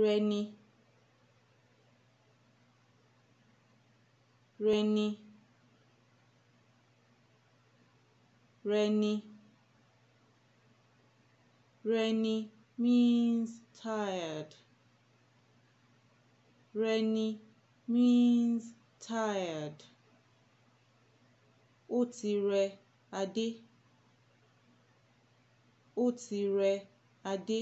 rẹni rẹni rẹni rẹni means tired rẹni means tired ó ti rẹ Adé ó ti rẹ Adé